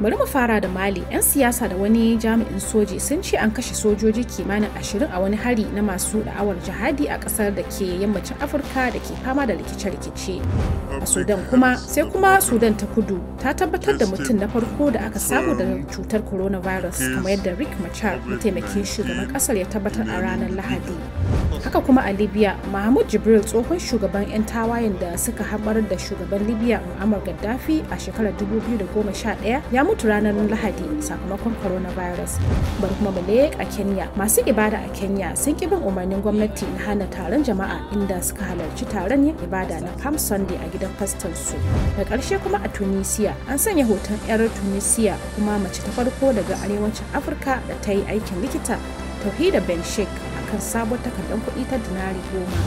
bari mu fara da mali 'yan siyasa da wani jami'in soji sun ce an kashe sojoji kimanin ashirin a wani hari na masu da'awar jihadi a kasar da ke yammacin afirka da ke fama da rikice-rikice a sudan kuma sai kuma sudan ta kudu ta tabbatar da mutum na farko da aka samu da cutar coronavirus kamar yadda rick machar mataimakin shugaban kasar ya tabbatar a ranar lahadi haka kuma a libya mahmud jibril tsohon shugaban 'yan tawayen da suka haɓar da shugaban libya muammar gaddafi a shekarar 2011 ya mutu ranar lahadi sakamakon coronavirus bari kuma a kenya masu ibada a kenya sun ƙi bin umarnin gwamnati na hana taron jama'a inda suka halarci taron yin ibada na palm sunday a gidan faston su da ƙarshe kuma a tunisia an sanya hoton 'yar tunisia kuma mace ta farko daga arewacin afirka da ta yi aikin likita tauhida ben shek. kan sabon takardar kuɗi ta dinari goma